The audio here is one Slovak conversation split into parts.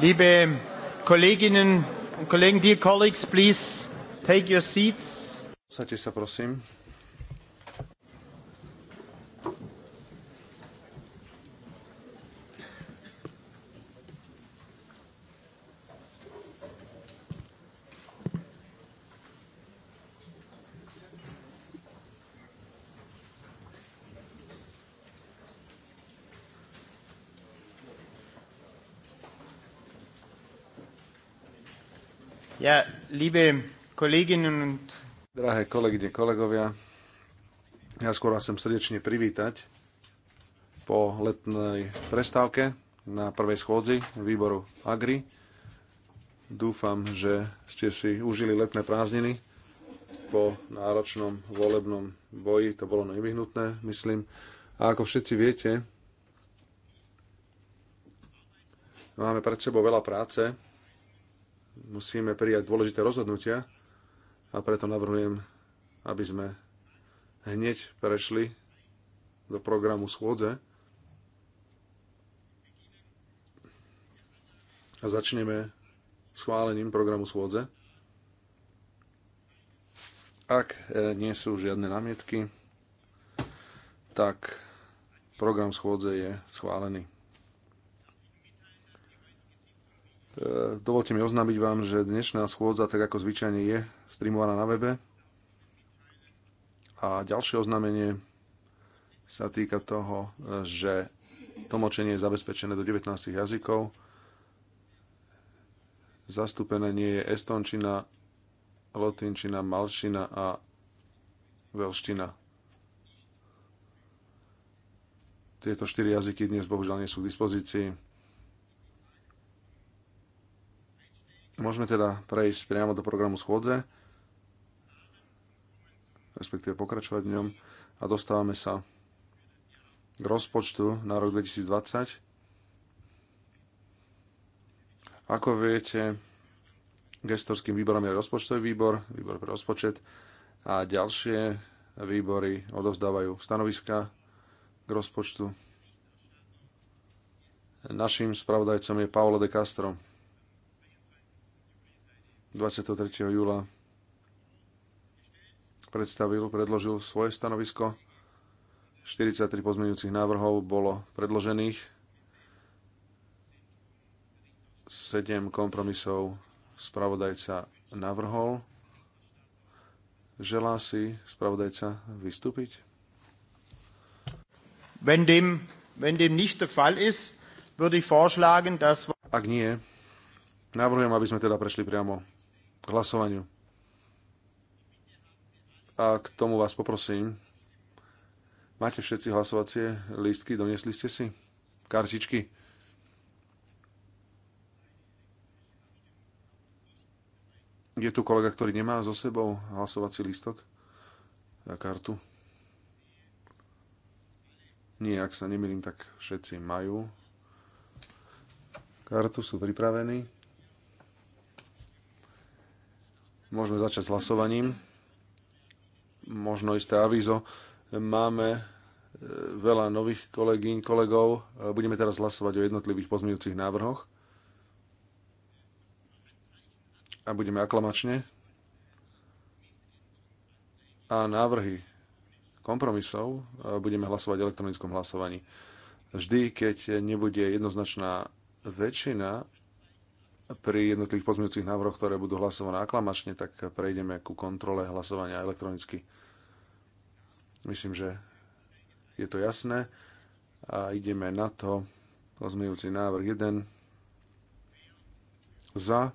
Liebe Kolleginnen und Kollegen, dear colleagues, please take your seats. Posaďte sa prosím. liebe Kolleginnen und Drahé kolegyne, kolegovia, ja skôr vás chcem srdečne privítať po letnej prestávke na prvej schôdzi výboru Agri. Dúfam, že ste si užili letné prázdniny po náročnom volebnom boji. To bolo nevyhnutné, myslím. A ako všetci viete, máme pred sebou veľa práce musíme prijať dôležité rozhodnutia a preto navrhujem, aby sme hneď prešli do programu schôdze a začneme schválením programu schôdze. Ak e, nie sú žiadne námietky, tak program schôdze je schválený. E, dovolte mi oznámiť vám, že dnešná schôdza, tak ako zvyčajne je, streamovaná na webe. A ďalšie oznámenie sa týka toho, že tlmočenie je zabezpečené do 19 jazykov. Zastúpené nie je estončina, lotinčina, malšina a veľština. Tieto štyri jazyky dnes bohužiaľ nie sú k dispozícii. Môžeme teda prejsť priamo do programu schôdze, respektíve pokračovať v ňom a dostávame sa k rozpočtu na rok 2020. Ako viete, gestorským výborom je rozpočtový výbor, výbor pre rozpočet a ďalšie výbory odovzdávajú stanoviska k rozpočtu. Naším spravodajcom je Paolo de Castro. 23. júla predstavil, predložil svoje stanovisko. 43 pozmeňujúcich návrhov bolo predložených. 7 kompromisov spravodajca navrhol. Želá si spravodajca vystúpiť? Wenn dem, wenn dem nicht der Fall ist, würde ich vorschlagen, dass... Ak nie, navrhujem, aby sme teda prešli priamo k hlasovaniu. A k tomu vás poprosím. Máte všetci hlasovacie lístky? Donesli ste si? Kartičky? Je tu kolega, ktorý nemá so sebou hlasovací lístok a kartu? Nie, ak sa nemýlim, tak všetci majú. Kartu sú pripravení. Môžeme začať s hlasovaním. Možno isté avízo. Máme e, veľa nových kolegyň, kolegov. E, budeme teraz hlasovať o jednotlivých pozmeňujúcich návrhoch. A budeme aklamačne. A návrhy kompromisov e, budeme hlasovať v elektronickom hlasovaní. Vždy, keď nebude jednoznačná väčšina pri jednotlivých pozmeňujúcich návrhoch, ktoré budú hlasované aklamačne, tak prejdeme ku kontrole hlasovania elektronicky. Myslím, že je to jasné. A ideme na to. Pozmeňujúci návrh 1. Za.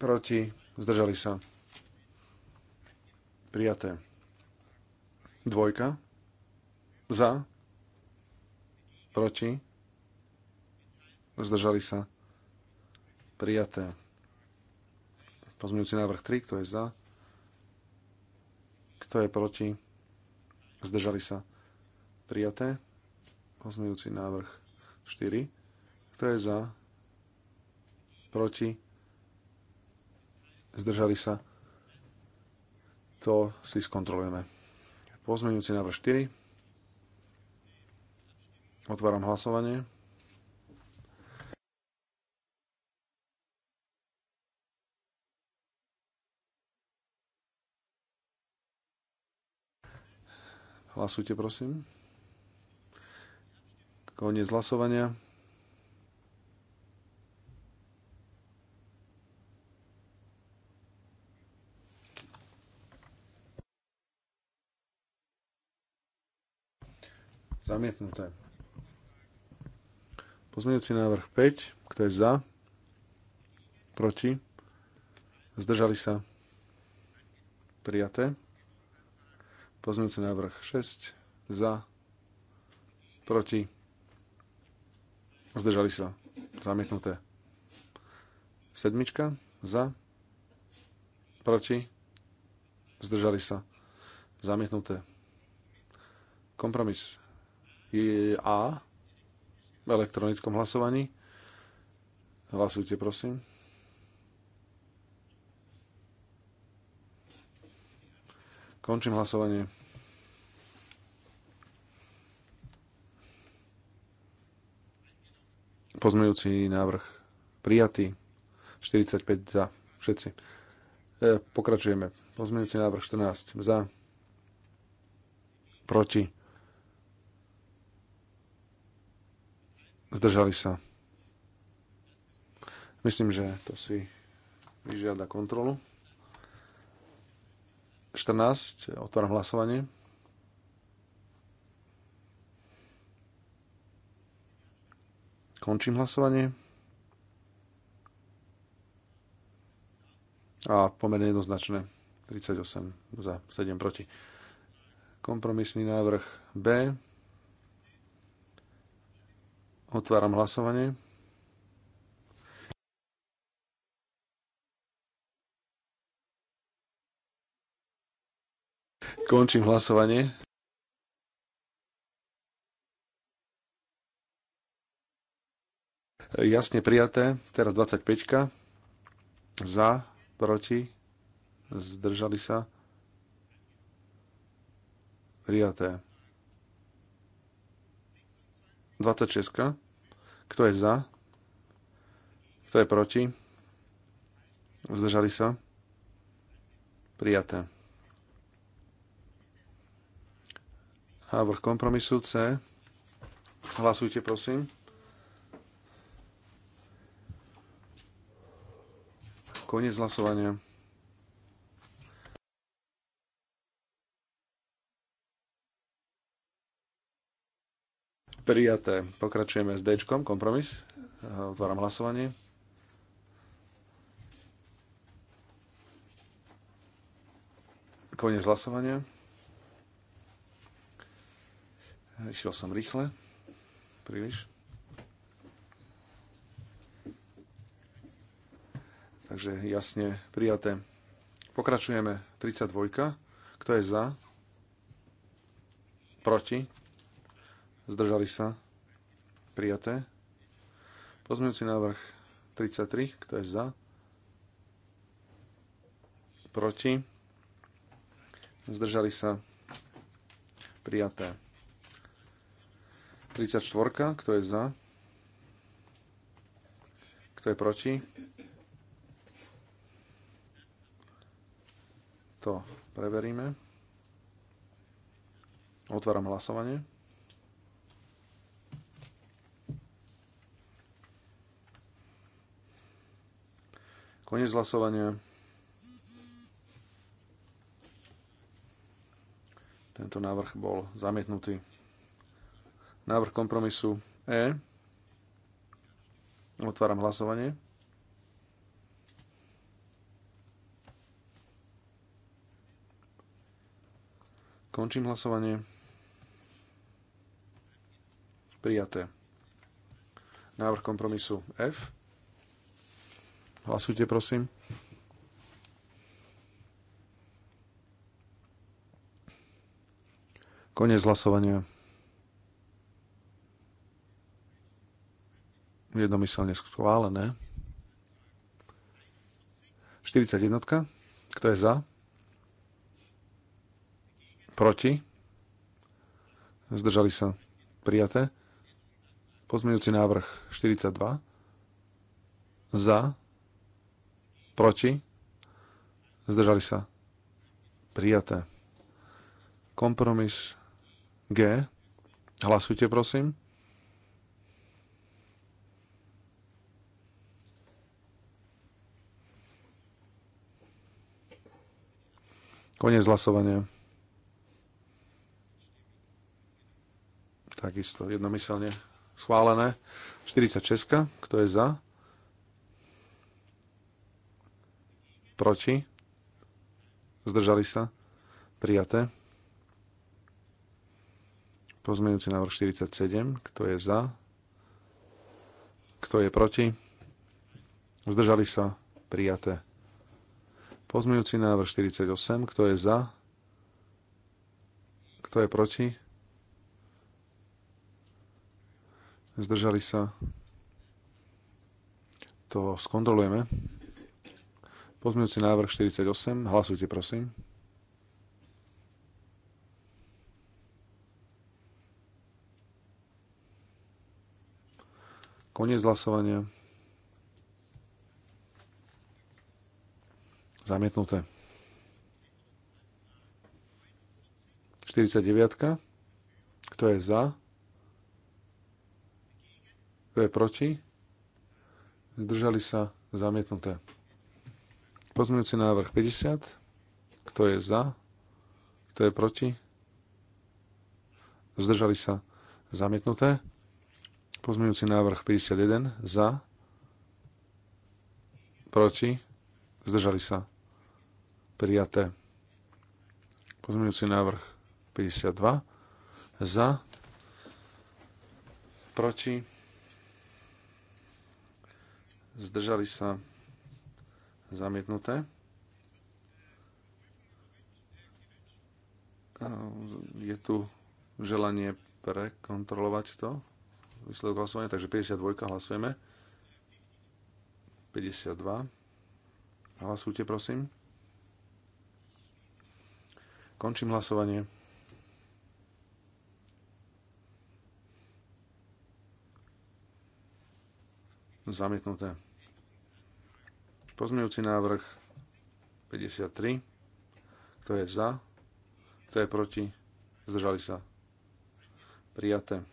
Proti. Zdržali sa. Prijaté. Dvojka. Za. Proti Zdržali sa? Prijaté. Pozmeňujúci návrh 3. Kto je za? Kto je proti? Zdržali sa? Prijaté. Pozmeňujúci návrh 4. Kto je za? Proti? Zdržali sa? To si skontrolujeme. Pozmeňujúci návrh 4. Otváram hlasovanie. Hlasujte, prosím. Koniec hlasovania. Zamietnuté. Pozmeňujúci návrh 5. Kto je za? Proti? Zdržali sa? Prijaté. Pozmeňujúci návrh 6. Za. Proti. Zdržali sa. Zamietnuté. Sedmička. Za. Proti. Zdržali sa. Zamietnuté. Kompromis je A v elektronickom hlasovaní. Hlasujte, prosím. Končím hlasovanie. Pozmejúci návrh prijatý. 45 za. Všetci. E, pokračujeme. Pozmejúci návrh 14 za. Proti. Zdržali sa. Myslím, že to si vyžiada kontrolu. 14. Otváram hlasovanie. Končím hlasovanie. A pomerne jednoznačné. 38 za 7 proti. Kompromisný návrh B. Otváram hlasovanie. Končím hlasovanie. Jasne prijaté. Teraz 25. Za, proti, zdržali sa. Prijaté. 26. Kto je za? Kto je proti? Zdržali sa? Prijaté. Návrh kompromisu C. Hlasujte, prosím. Koniec hlasovania. Prijaté. Pokračujeme s D, kompromis. Otváram hlasovanie. Koniec hlasovania. Išiel som rýchle. Príliš. Takže jasne prijaté. Pokračujeme 32. Kto je za? Proti? Zdržali sa? Prijaté. Pozmeňujúci návrh 33. Kto je za? Proti? Zdržali sa? Prijaté. 34, kto je za? Kto je proti? To preveríme. Otváram hlasovanie. Konec hlasovania. Tento návrh bol zamietnutý. Návrh kompromisu E. Otváram hlasovanie. Končím hlasovanie. Prijaté. Návrh kompromisu F. Hlasujte, prosím. Konec hlasovania. jednomyselne schválené. 41. Kto je za? Proti? Zdržali sa prijaté. Pozmeňujúci návrh 42. Za? Proti? Zdržali sa prijaté. Kompromis G. Hlasujte, prosím. Konec hlasovania. Takisto jednomyselne schválené. 46. Kto je za? Proti? Zdržali sa? Prijaté. Pozmeňujúci návrh 47. Kto je za? Kto je proti? Zdržali sa? Prijaté. Pozmejúci návrh 48, kto je za? Kto je proti? Zdržali sa? To skontrolujeme. Pozmejúci návrh 48, hlasujte prosím. Koniec hlasovania. Zamietnuté. 49. Kto je za? Kto je proti? Zdržali sa zamietnuté. Pozmeňujúci návrh 50. Kto je za? Kto je proti? Zdržali sa zamietnuté. Pozmeňujúci návrh 51. Za? Proti? Zdržali sa Prijaté. Pozmeňujúci návrh 52. Za. Proti. Zdržali sa. Zamietnuté. Je tu želanie prekontrolovať to. Výsledok hlasovania, takže 52 hlasujeme. 52. Hlasujte, prosím. Končím hlasovanie. Zamietnuté. Pozmejúci návrh 53. Kto je za? Kto je proti? Zdržali sa. Prijaté.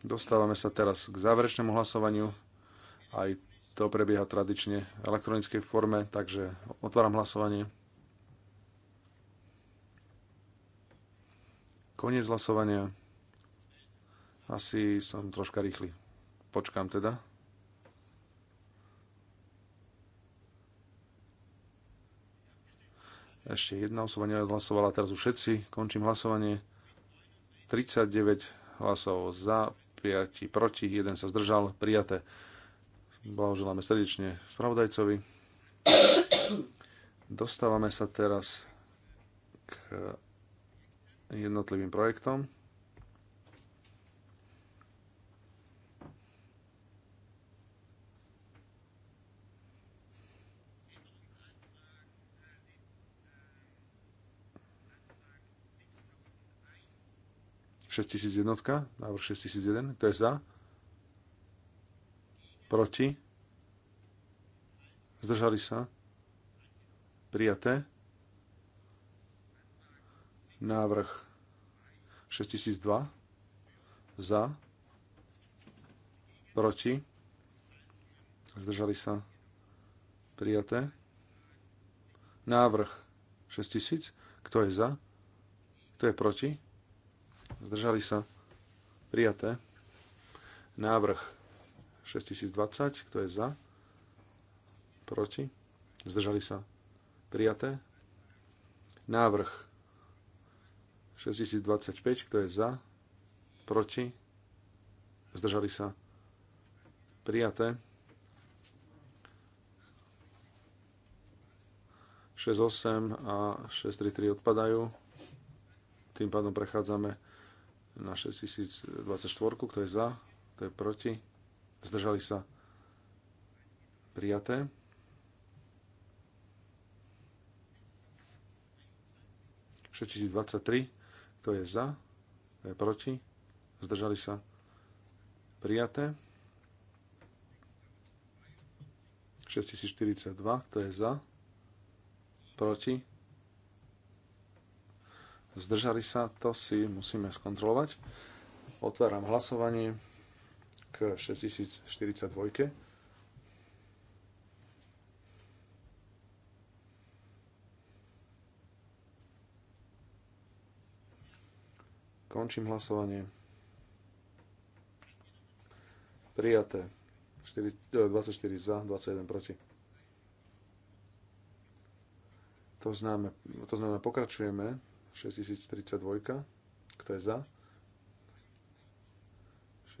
Dostávame sa teraz k záverečnému hlasovaniu. Aj to prebieha tradične v elektronickej forme, takže otváram hlasovanie. Koniec hlasovania. Asi som troška rýchly. Počkám teda. Ešte jedna osoba neodhlasovala, teraz už všetci. Končím hlasovanie. 39 hlasov za, 5 proti, 1 sa zdržal, prijaté. Blahoželáme srdečne spravodajcovi. Dostávame sa teraz k jednotlivým projektom. jednotka, návrh jeden, kto je za? Proti? Zdržali sa? Prijaté? Návrh 6002 za, proti, zdržali sa prijaté. Návrh 6000, kto je za, kto je proti, zdržali sa prijaté. Návrh 6020, kto je za, proti, zdržali sa prijaté. Návrh 6025, kto je za? Proti? Zdržali sa? Prijaté. 6.8 a 6.3.3 odpadajú. Tým pádom prechádzame na 6024, kto je za, kto je proti. Zdržali sa prijaté. Všetci 23. Kto je za? Kto je proti? Zdržali sa? Prijaté. 6042. Kto je za? Proti? Zdržali sa? To si musíme skontrolovať. Otváram hlasovanie k 6042. Končím hlasovanie. Prijaté. 4, 24 e, za, 21 proti. To znamená, to znamená pokračujeme. 6032. Kto je za?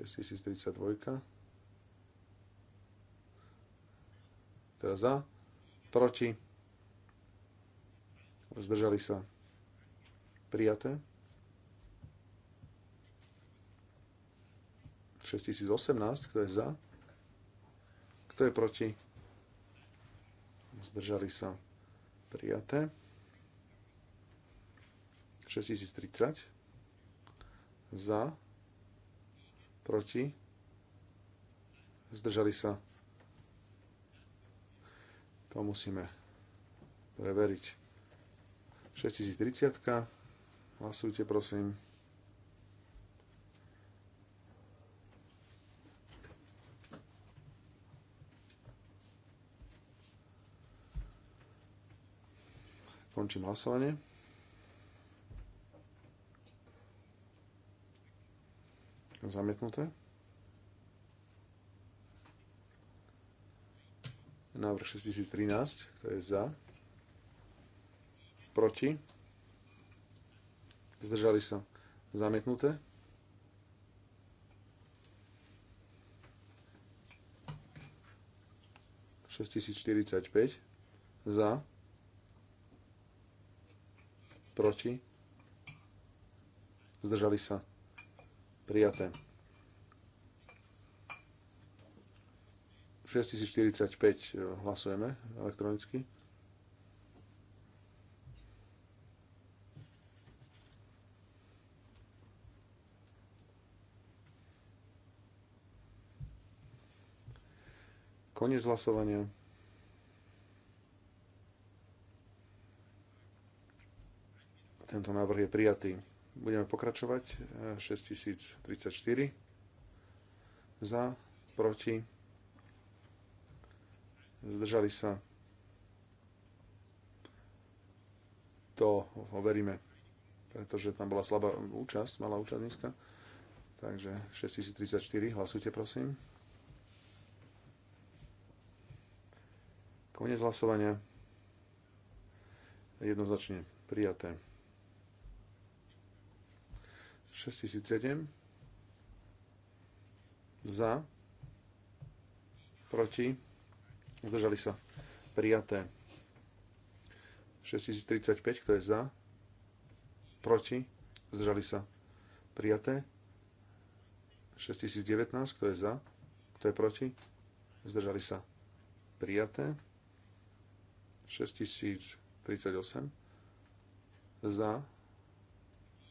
6032. Teda za. Proti. Zdržali sa. Prijaté. 6018, kto je za? Kto je proti? Zdržali sa prijaté. 6030 za proti zdržali sa to musíme preveriť 6030 hlasujte prosím Končím hlasovanie. Zamietnuté. Návrh 6013, to je za? Proti? Zdržali sa. Zamietnuté. Šesťtisíc za proti, zdržali sa, prijaté. 6045 e, hlasujeme elektronicky. Koniec hlasovania. Tento návrh je prijatý. Budeme pokračovať. 6034 za, proti, zdržali sa. To overíme, pretože tam bola slabá účasť, malá účasť nízka. Takže 6034, hlasujte prosím. Konec hlasovania. Jednoznačne prijaté. 6007 za proti zdržali sa prijaté 6035 kto je za proti zdržali sa prijaté 6019 kto je za kto je proti zdržali sa prijaté 6038 za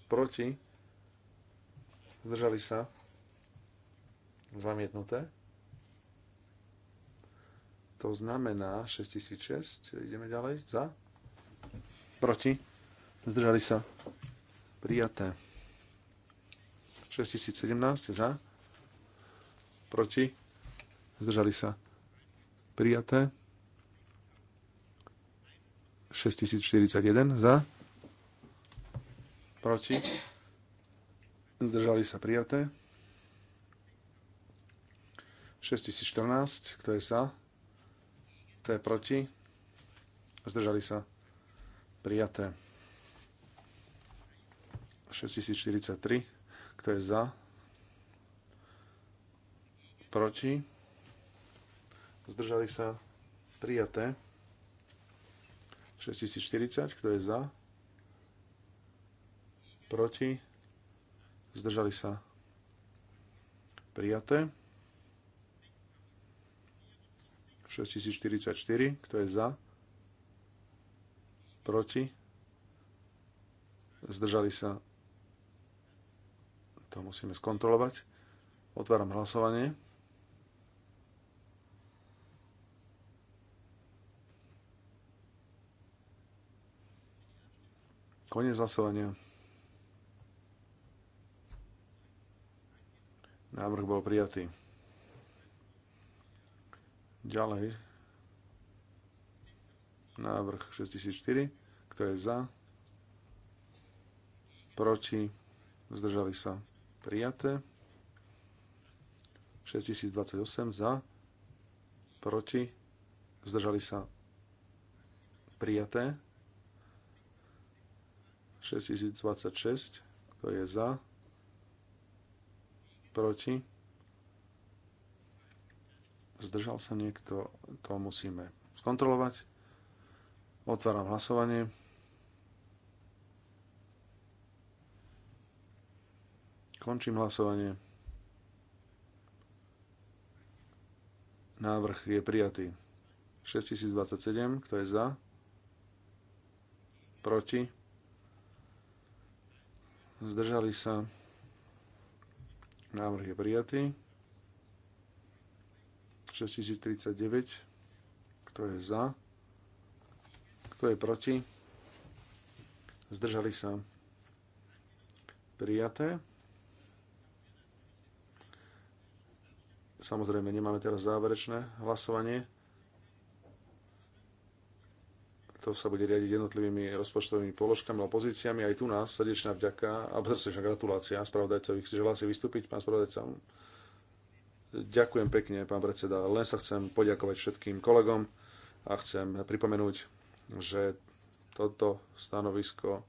proti Zdržali sa? Zamietnuté. To znamená 6006. Ideme ďalej. Za? Proti? Zdržali sa? Prijaté. 6017. Za? Proti? Zdržali sa? Prijaté. 6041. Za? Proti? zdržali sa prijaté. 6014, kto je za, kto je proti, zdržali sa prijaté. 6043, kto je za, proti, zdržali sa prijaté. 6040, kto je za, proti, zdržali sa prijaté. 6044, kto je za, proti, zdržali sa, to musíme skontrolovať. Otváram hlasovanie. Koniec hlasovania. Návrh bol prijatý. Ďalej. Návrh 6004. Kto je za? Proti? Zdržali sa? Prijaté. 6028 za. Proti? Zdržali sa? Prijaté. 6026. Kto je za? proti, zdržal sa niekto, to musíme skontrolovať. Otváram hlasovanie. Končím hlasovanie. Návrh je prijatý. 6027, kto je za? Proti? Zdržali sa. Návrh je prijatý. 6039. Kto je za? Kto je proti? Zdržali sa. Prijaté. Samozrejme, nemáme teraz záverečné hlasovanie to sa bude riadiť jednotlivými rozpočtovými položkami a pozíciami. Aj tu nás srdečná vďaka a srdečná gratulácia spravodajcovi. Želá si vystúpiť, pán spravodajca? Ďakujem pekne, pán predseda. Len sa chcem poďakovať všetkým kolegom a chcem pripomenúť, že toto stanovisko e,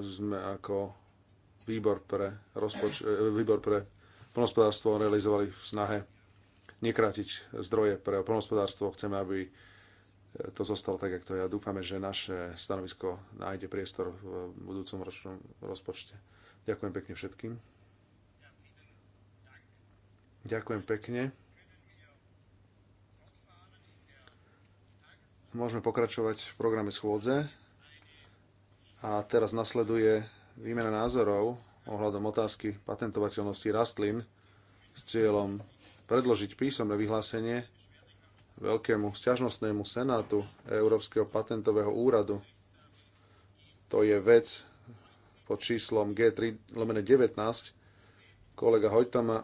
sme ako výbor pre, rozpoč- e, výbor pre plnospodárstvo realizovali v snahe nekrátiť zdroje pre plnohospodárstvo. Chceme, aby to zostalo tak, ako to je. dúfame, že naše stanovisko nájde priestor v budúcom ročnom rozpočte. Ďakujem pekne všetkým. Ďakujem pekne. Môžeme pokračovať v programe schôdze. A teraz nasleduje výmena názorov ohľadom otázky patentovateľnosti rastlín s cieľom predložiť písomné vyhlásenie veľkému sťažnostnému senátu Európskeho patentového úradu. To je vec pod číslom G3 lomene 19. Kolega Hojtama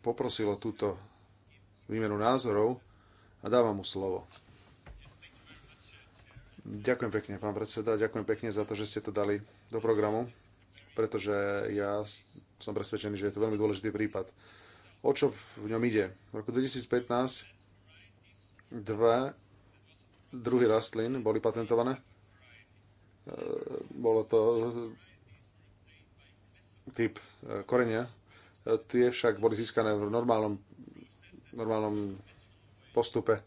poprosilo túto výmenu názorov a dávam mu slovo. Ďakujem pekne, pán predseda, ďakujem pekne za to, že ste to dali do programu pretože ja som presvedčený, že je to veľmi dôležitý prípad. O čo v ňom ide? V roku 2015 dva druhy rastlín boli patentované. E, bolo to typ e, korenia. E, tie však boli získané v normálnom, normálnom postupe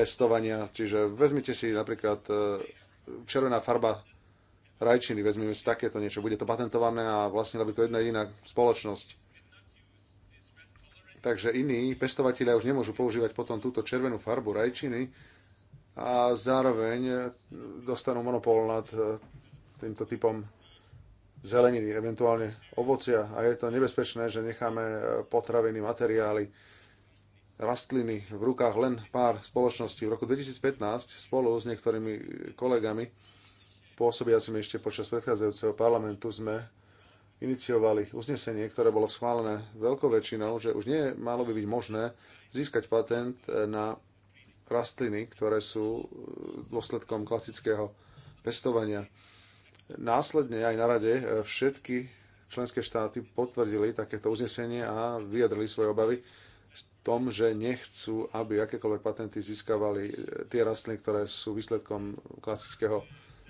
pestovania. Čiže vezmite si napríklad e, červená farba rajčiny, vezmeme si takéto niečo, bude to patentované a vlastne by to jedna jediná spoločnosť. Takže iní pestovateľia už nemôžu používať potom túto červenú farbu rajčiny a zároveň dostanú monopol nad e, týmto typom zeleniny, eventuálne ovocia. A je to nebezpečné, že necháme e, potraviny, materiály, rastliny v rukách len pár spoločností. V roku 2015 spolu s niektorými kolegami pôsobiacimi ešte počas predchádzajúceho parlamentu sme iniciovali uznesenie, ktoré bolo schválené veľkou väčšinou, že už nie malo by byť možné získať patent na rastliny, ktoré sú dôsledkom klasického pestovania. Následne aj na rade všetky členské štáty potvrdili takéto uznesenie a vyjadrili svoje obavy v tom, že nechcú, aby akékoľvek patenty získavali e, tie rastliny, ktoré sú výsledkom klasického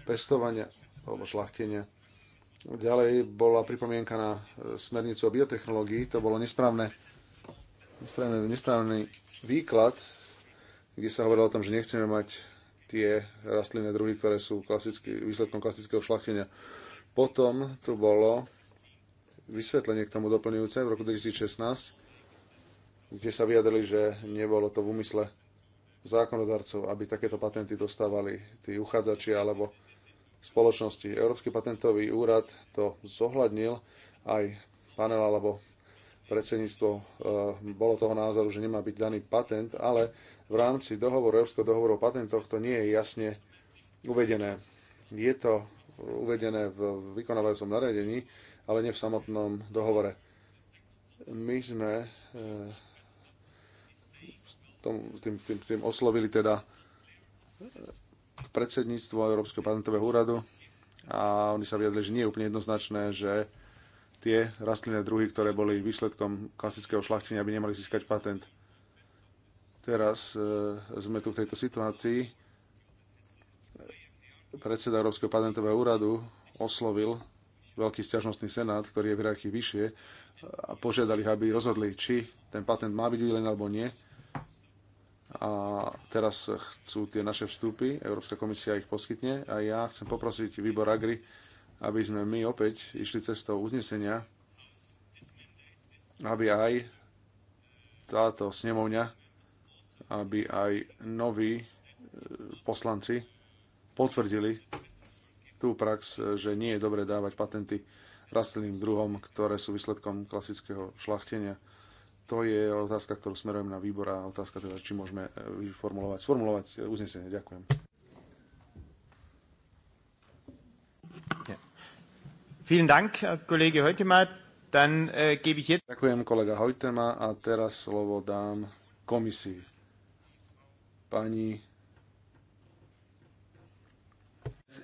pestovania alebo šlachtenia. Ďalej bola pripomienka na e, smernicu o biotechnológii. To bolo nesprávne, nesprávne, nesprávny výklad, kde sa hovorilo o tom, že nechceme mať tie rastlinné druhy, ktoré sú klasicky, výsledkom klasického šlachtenia. Potom tu bolo vysvetlenie k tomu doplňujúce v roku 2016, kde sa vyjadrili, že nebolo to v úmysle zákonodarcov, aby takéto patenty dostávali tí uchádzači alebo spoločnosti. Európsky patentový úrad to zohľadnil aj panel alebo predsedníctvo e, bolo toho názoru, že nemá byť daný patent, ale v rámci dohovoru, Európskeho dohovoru o patentoch to nie je jasne uvedené. Je to uvedené v vykonávajúcom nariadení, ale nie v samotnom dohovore. My sme e, tom, tým, tým, tým oslovili teda e, predsedníctvo Európskeho patentového úradu a oni sa vyjadli, že nie je úplne jednoznačné, že tie rastlinné druhy, ktoré boli výsledkom klasického šlachtenia, by nemali získať patent. Teraz e, sme tu v tejto situácii. Predseda Európskeho patentového úradu oslovil veľký stiažnostný senát, ktorý je v vyššie, a požiadali, aby rozhodli, či ten patent má byť udelený alebo nie a teraz chcú tie naše vstupy, Európska komisia ich poskytne a ja chcem poprosiť výbor Agri, aby sme my opäť išli cestou uznesenia, aby aj táto snemovňa, aby aj noví e, poslanci potvrdili tú prax, že nie je dobre dávať patenty rastlinným druhom, ktoré sú výsledkom klasického šlachtenia to je otázka, ktorú smerujem na výbor a otázka teda, či môžeme e, vyformulovať, sformulovať e, uznesenie. Ďakujem. Vielen Dank, Kollege Hojtema. Dann äh, gebe ich jetzt... Ďakujem, kolega Hojtema. A teraz slovo dám komisii. Pani...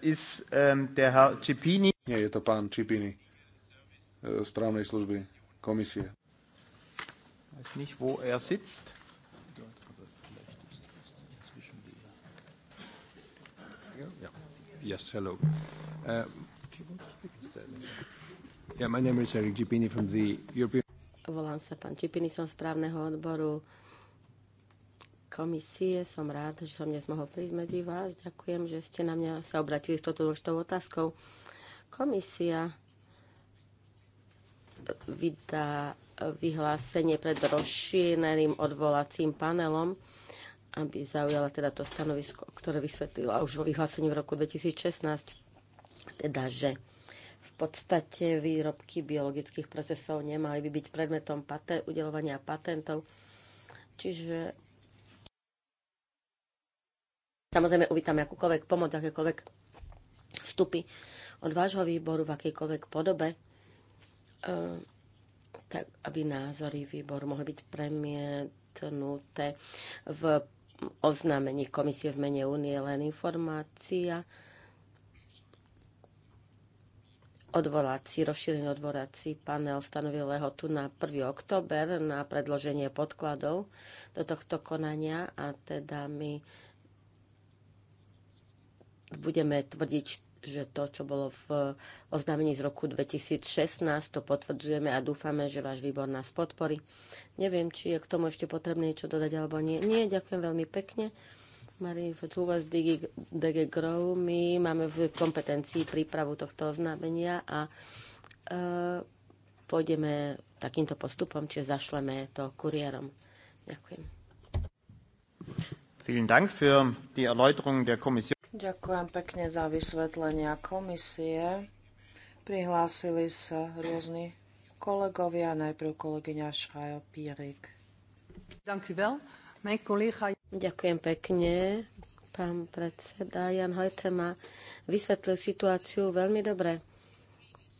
Is, um, ähm, der Herr Cipini. Nie, je to pán Cipini správnej e, služby komisie weiß nicht, wo er sitzt. Ja. Yes, hello. Uh, yeah, my name is Eric Gipini from the European... Volám sa pán Čipiny, som správneho odboru komisie. Som rád, že som dnes mohol prísť medzi vás. Ďakujem, že ste na mňa sa obratili s touto dôležitou otázkou. Komisia vydá vyhlásenie pred rozšíreným odvolacím panelom, aby zaujala teda to stanovisko, ktoré vysvetlila už vo vyhlásení v roku 2016, teda že v podstate výrobky biologických procesov nemali by byť predmetom patent, udelovania patentov. Čiže samozrejme uvítame akúkoľvek pomoc, akékoľvek vstupy od vášho výboru v akejkoľvek podobe. Ehm, tak aby názory výboru mohli byť premietnuté v oznámení komisie v mene únie len informácia odvolací, rozšírený odvolací panel stanovil lehotu na 1. október na predloženie podkladov do tohto konania a teda my budeme tvrdiť že to, čo bolo v oznámení z roku 2016, to potvrdzujeme a dúfame, že váš výbor nás podporí. Neviem, či je k tomu ešte potrebné niečo dodať alebo nie. Nie, ďakujem veľmi pekne. Marie Focúva z DG Grow. My máme v kompetencii prípravu tohto oznámenia a e, pôjdeme takýmto postupom, či zašleme to kuriérom. Ďakujem. Vielen Dank für die Erläuterung der Kommission. Ďakujem pekne za vysvetlenia komisie. Prihlásili sa rôzni kolegovia, najprv kolegyňa Šrajo Pírik. Ďakujem pekne. Pán predseda Jan Hojte ma vysvetlil situáciu veľmi dobre.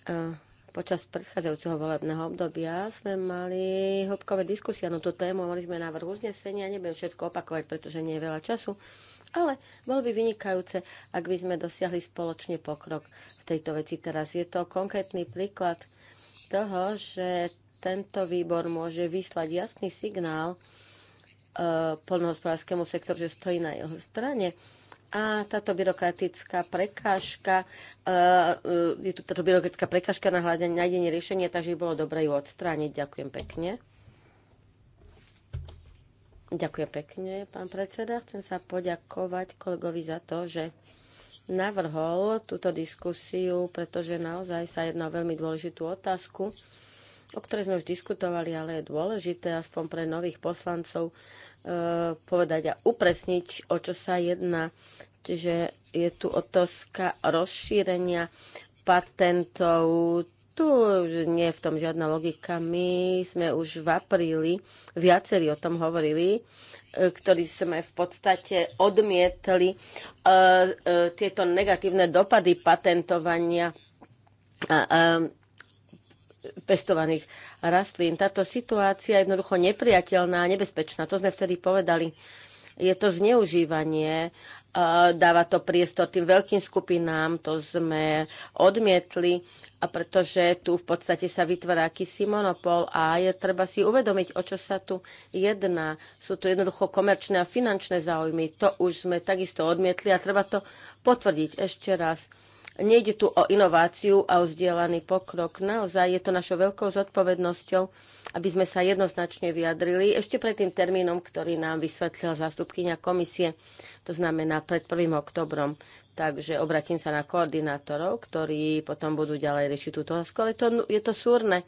E, počas predchádzajúceho volebného obdobia sme mali hĺbkové diskusie na tú tému, mali sme návrh uznesenia, nebudem všetko opakovať, pretože nie je veľa času ale bolo by vynikajúce, ak by sme dosiahli spoločne pokrok v tejto veci teraz. Je to konkrétny príklad toho, že tento výbor môže vyslať jasný signál uh, e, polnohospodárskému sektoru, že stojí na jeho strane. A táto byrokratická prekážka, e, e, je tu táto byrokratická prekážka na hľadanie, nájdenie riešenia, takže by bolo dobré ju odstrániť. Ďakujem pekne. Ďakujem pekne, pán predseda. Chcem sa poďakovať kolegovi za to, že navrhol túto diskusiu, pretože naozaj sa jedná o veľmi dôležitú otázku, o ktorej sme už diskutovali, ale je dôležité aspoň pre nových poslancov e, povedať a upresniť, o čo sa jedná. Čiže je tu otázka rozšírenia patentov tu nie je v tom žiadna logika. My sme už v apríli, viacerí o tom hovorili, e, ktorí sme v podstate odmietli e, e, tieto negatívne dopady patentovania pestovaných rastlín. Táto situácia je jednoducho nepriateľná a nebezpečná. To sme vtedy povedali je to zneužívanie dáva to priestor tým veľkým skupinám, to sme odmietli, a pretože tu v podstate sa vytvára akýsi monopol a je treba si uvedomiť, o čo sa tu jedná. Sú tu jednoducho komerčné a finančné záujmy. To už sme takisto odmietli a treba to potvrdiť ešte raz. Nejde tu o inováciu a o vzdielaný pokrok. Naozaj je to našou veľkou zodpovednosťou, aby sme sa jednoznačne vyjadrili ešte pred tým termínom, ktorý nám vysvetlila zástupkynia komisie, to znamená pred 1. oktobrom. Takže obratím sa na koordinátorov, ktorí potom budú ďalej riešiť túto otázku. Ale to, je to súrne.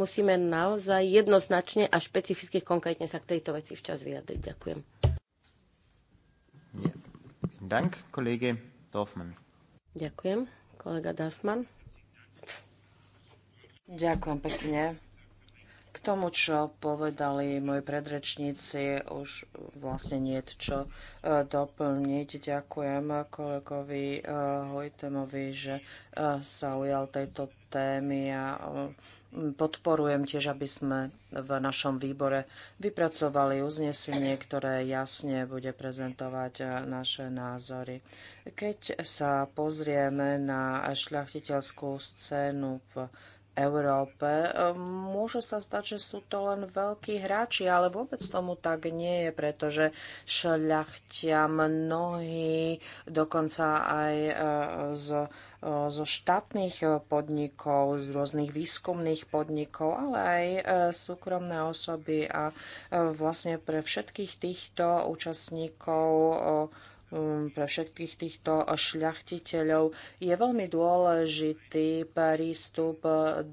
Musíme naozaj jednoznačne a špecificky konkrétne sa k tejto veci včas vyjadriť. Ďakujem. Dank, kolege Dorfman. Ďakujem. Kolega Dafman. Ďakujem pekne tomu, čo povedali moji predrečníci, už vlastne nie je čo e, doplniť. Ďakujem kolegovi e, Hojtemovi, že e, sa ujal tejto témy a podporujem tiež, aby sme v našom výbore vypracovali uznesenie, ktoré jasne bude prezentovať naše názory. Keď sa pozrieme na šľachtiteľskú scénu v Európe. Ehm, môže sa stať, že sú to len veľkí hráči, ale vôbec tomu tak nie je, pretože šľachtia mnohí, dokonca aj e, z e, zo štátnych podnikov, z rôznych výskumných podnikov, ale aj e, súkromné osoby a vlastne pre všetkých týchto účastníkov Um, pre všetkých týchto šľachtiteľov je veľmi dôležitý prístup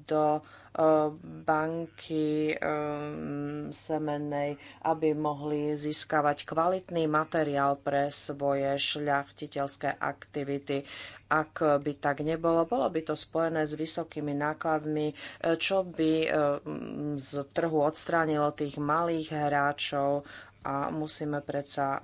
do uh, banky um, semennej, aby mohli získavať kvalitný materiál pre svoje šľachtiteľské aktivity. Ak by tak nebolo, bolo by to spojené s vysokými nákladmi, čo by um, z trhu odstránilo tých malých hráčov a musíme predsa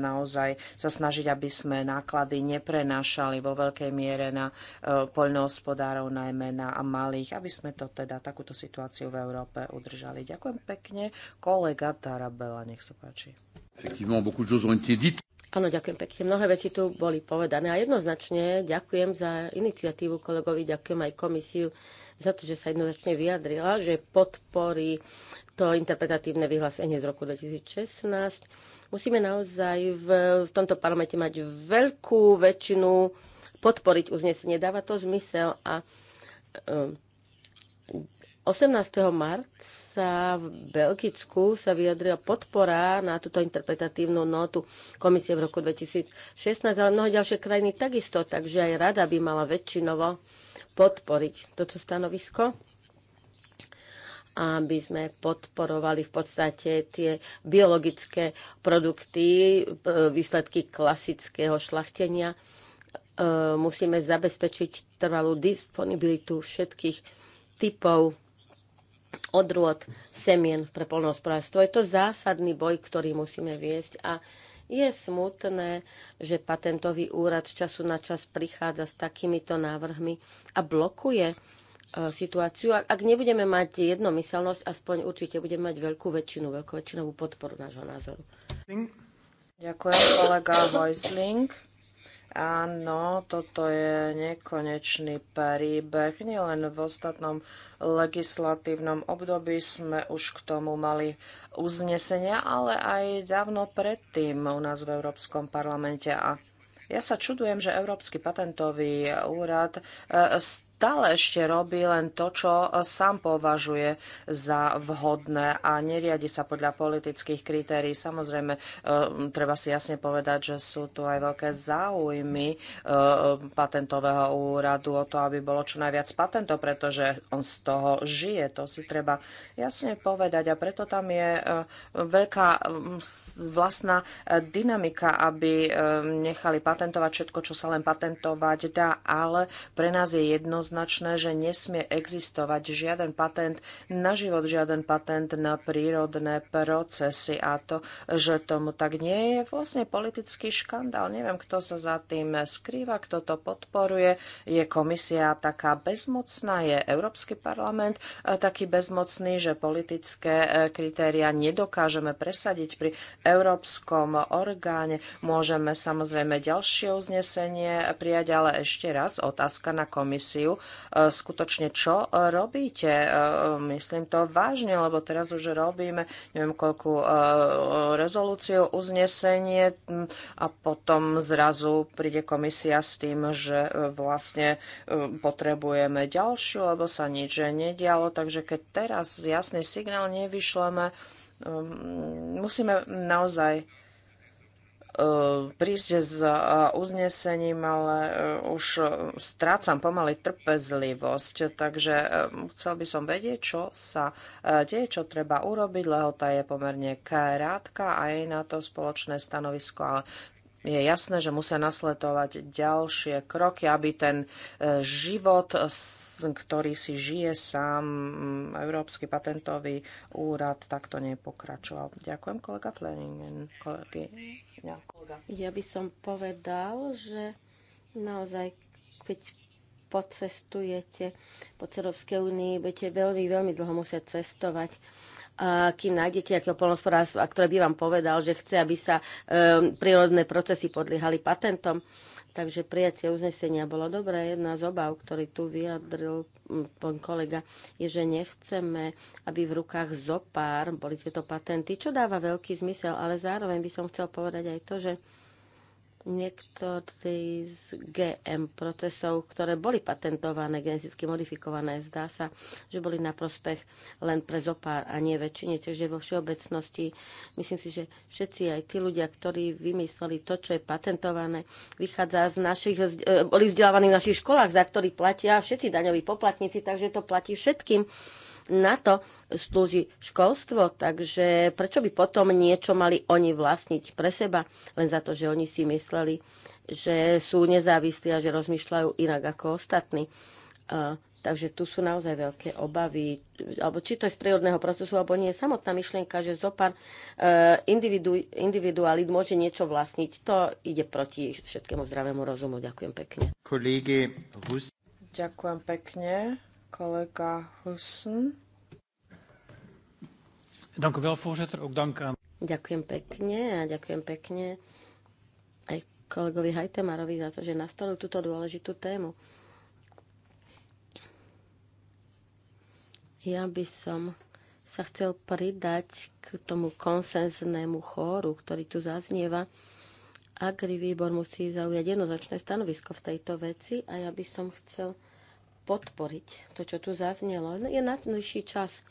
naozaj sa snažiť, aby sme náklady neprenášali vo veľkej miere na e, poľnohospodárov, najmä na malých, aby sme to teda takúto situáciu v Európe udržali. Ďakujem pekne. Kolega Tarabela, nech sa páči. Áno, ďakujem pekne. Mnohé veci tu boli povedané a jednoznačne ďakujem za iniciatívu kolegovi, ďakujem aj komisiu za to, že sa jednoznačne vyjadrila, že podporí to interpretatívne vyhlásenie z roku 2016. Musíme naozaj v, v tomto parlamente mať veľkú väčšinu podporiť uznesenie. Dáva to zmysel a 18. Um, marca v Belgicku sa vyjadrila podpora na túto interpretatívnu notu komisie v roku 2016, ale mnohé ďalšie krajiny takisto, takže aj rada by mala väčšinovo podporiť toto stanovisko aby sme podporovali v podstate tie biologické produkty, e, výsledky klasického šlachtenia. E, musíme zabezpečiť trvalú disponibilitu všetkých typov odrôd semien pre polnohospodárstvo. Je to zásadný boj, ktorý musíme viesť a je smutné, že patentový úrad z času na čas prichádza s takýmito návrhmi a blokuje e, situáciu. Ak nebudeme mať jednomyselnosť, aspoň určite budeme mať veľkú väčšinu, veľkú väčšinovú podporu nášho názoru. Ďakujem, kolega Hojsling. Áno, toto je nekonečný príbeh. Nielen v ostatnom legislatívnom období sme už k tomu mali uznesenia, ale aj dávno predtým u nás v Európskom parlamente. A ja sa čudujem, že Európsky patentový úrad e, stále ešte robí len to, čo e, sám považuje za vhodné a neriadi sa podľa politických kritérií. Samozrejme, e, treba si jasne povedať, že sú tu aj veľké záujmy e, patentového úradu o to, aby bolo čo najviac patentov, pretože on z toho žije. To si treba jasne povedať a preto tam je veľká vlastná dynamika, aby nechali patentovať všetko, čo sa len patentovať dá, ale pre nás je jedno jednoznačné, že nesmie existovať žiaden patent na život, žiaden patent na prírodné procesy. A to, že tomu tak nie je, vlastne politický škandál. Neviem, kto sa za tým skrýva, kto to podporuje. Je komisia taká bezmocná, je Európsky parlament e, taký bezmocný, že politické e, kritéria nedokážeme presadiť pri Európskom orgáne. Môžeme samozrejme ďalšie uznesenie prijať, ale ešte raz otázka na komisiu. E, skutočne, čo e, robíte. E, myslím to vážne, lebo teraz už robíme neviem koľku rezolúciu, uznesenie a potom zrazu príde komisia s tým, že vlastne potrebujeme ďalšiu, lebo sa nič nedialo. Takže keď teraz jasný signál nevyšleme, musíme naozaj E, prísť s e, uznesením, ale e, už strácam pomaly trpezlivosť, takže chcel by som vedieť, čo sa deje, čo treba urobiť. Lehota je pomerne krátka aj na to spoločné stanovisko, ale je jasné, že musia nasledovať ďalšie kroky, aby ten e, život, ktorý si žije sám mm, Európsky patentový úrad, takto nepokračoval. Ďakujem, kolega Fleningen. Kolegy, ja, kolega. ja by som povedal, že naozaj, keď pocestujete po Európskej únii, budete veľmi, veľmi dlho musieť cestovať kým nájdete akého polnospodárstva, ktoré by vám povedal, že chce, aby sa ehm, prírodné procesy podliehali patentom. Takže prijatie uznesenia bolo dobré. Jedna z obav, ktorý tu vyjadril pán kolega, je, že nechceme, aby v rukách zopár boli tieto patenty, čo dáva veľký zmysel, ale zároveň by som chcel povedať aj to, že niektorí z GM procesov, ktoré boli patentované, geneticky modifikované, zdá sa, že boli na prospech len pre zopár a nie väčšine. Takže vo všeobecnosti myslím si, že všetci aj tí ľudia, ktorí vymysleli to, čo je patentované, vychádza z našich, e, boli vzdelávaní v našich školách, za ktorých platia všetci daňoví poplatníci, takže to platí všetkým na to slúži školstvo, takže prečo by potom niečo mali oni vlastniť pre seba, len za to, že oni si mysleli, že sú nezávislí a že rozmýšľajú inak ako ostatní. takže tu sú naozaj veľké obavy, alebo či to je z prírodného procesu, alebo nie. Samotná myšlienka, že zopár uh, e, individu, individualit môže niečo vlastniť, to ide proti všetkému zdravému rozumu. Ďakujem pekne. Kolege Ďakujem pekne kolega Hussen. Ďakujem pekne a ďakujem pekne aj kolegovi Hajtemarovi za to, že nastolil túto dôležitú tému. Ja by som sa chcel pridať k tomu konsenznému chóru, ktorý tu zaznieva. Agri výbor musí zaujať jednoznačné stanovisko v tejto veci a ja by som chcel podporiť to, čo tu zaznelo. Je najbližší čas